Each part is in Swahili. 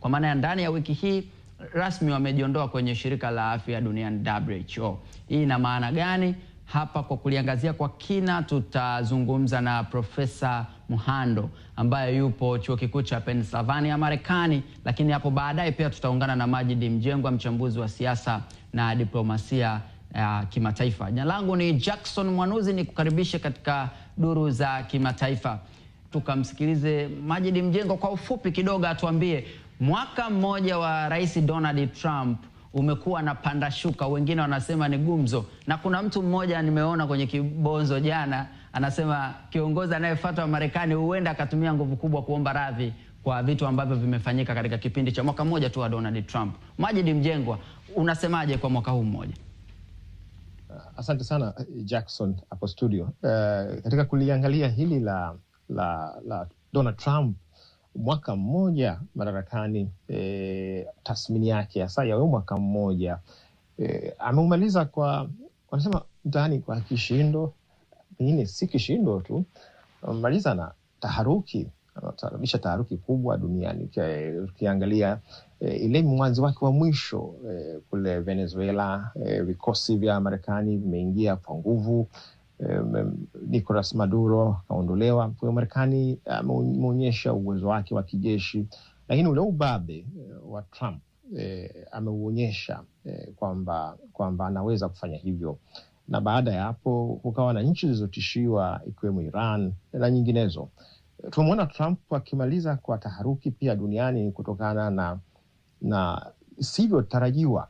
Kwa maana ya ndani ya wiki hii rasmi wamejiondoa kwenye shirika la afya duniani WHO. Hii ina maana gani? Hapa kwa kuliangazia kwa kina, tutazungumza na Profesa Muhando ambaye yupo chuo kikuu cha Pennsylvania Marekani, lakini hapo baadaye pia tutaungana na Majid Mjengwa, mchambuzi wa siasa na diplomasia ya uh, kimataifa. Jina langu ni Jackson Mwanuzi, ni kukaribishe katika duru za kimataifa tukamsikilize Majid Mjengwa kwa ufupi kidogo, atuambie mwaka mmoja wa Rais Donald Trump umekuwa na panda shuka, wengine wanasema ni gumzo, na kuna mtu mmoja nimeona kwenye kibonzo jana anasema kiongozi wa Marekani huenda akatumia nguvu kubwa kuomba radhi kwa vitu ambavyo vimefanyika katika kipindi cha mwaka mmoja tu wa Donald Trump. Majid Mjengwa, unasemaje kwa mwaka huu mmoja? Asante sana Jackson hapo studio. Uh, katika kuliangalia hili la la, la Donald Trump mwaka mmoja madarakani, e, tasmini yake hasa huyo mwaka mmoja e, ameumaliza kwa wanasema mtaani kwa kishindo, pengine si kishindo tu, amemaliza na taharuki, anasababisha taharuki kubwa duniani. Ukiangalia e, ile mwanzi wake wa mwisho e, kule Venezuela e, vikosi vya Marekani vimeingia kwa nguvu Nicolas Maduro akaondolewa. Kwa hiyo Marekani eh, ameonyesha uwezo wake wa kijeshi, lakini ule ubabe eh, wa Trump e, ameuonyesha e, kwamba kwamba anaweza kufanya hivyo, na baada ya hapo kukawa na nchi zilizotishiwa ikiwemo Iran na nyinginezo. Tumemwona Trump akimaliza kwa taharuki pia duniani kutokana na na sivyotarajiwa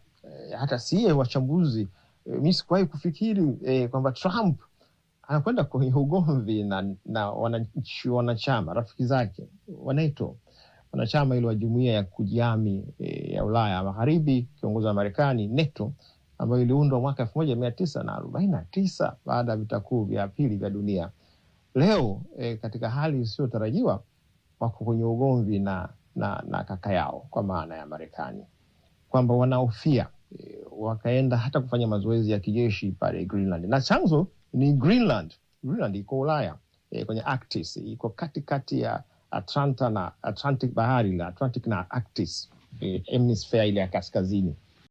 hata siye wachambuzi mi sikuwahi kufikiri eh, kwamba Trump anakwenda kwenye ugomvi na, na wananchi wanachama rafiki zake wa wanachama ili wa jumuia ya kujiami e, ya Ulaya Magharibi kiongozi na Marekani, NATO ambayo iliundwa mwaka elfu moja mia tisa na arobaini na tisa baada ya vita kuu vya pili vya dunia. Leo e, katika hali isiyotarajiwa wako kwenye ugomvi na, na, na kaka yao kwa maana ya Marekani kwamba wanaofia wakaenda hata kufanya mazoezi ya kijeshi pale Greenland, na chanzo ni Greenland. Greenland iko Ulaya e, kwenye Arctic, iko katikati ya Atlanta na Atlantic bahari la Atlantic na Arctic e, eh, hemisphere ile ya kaskazini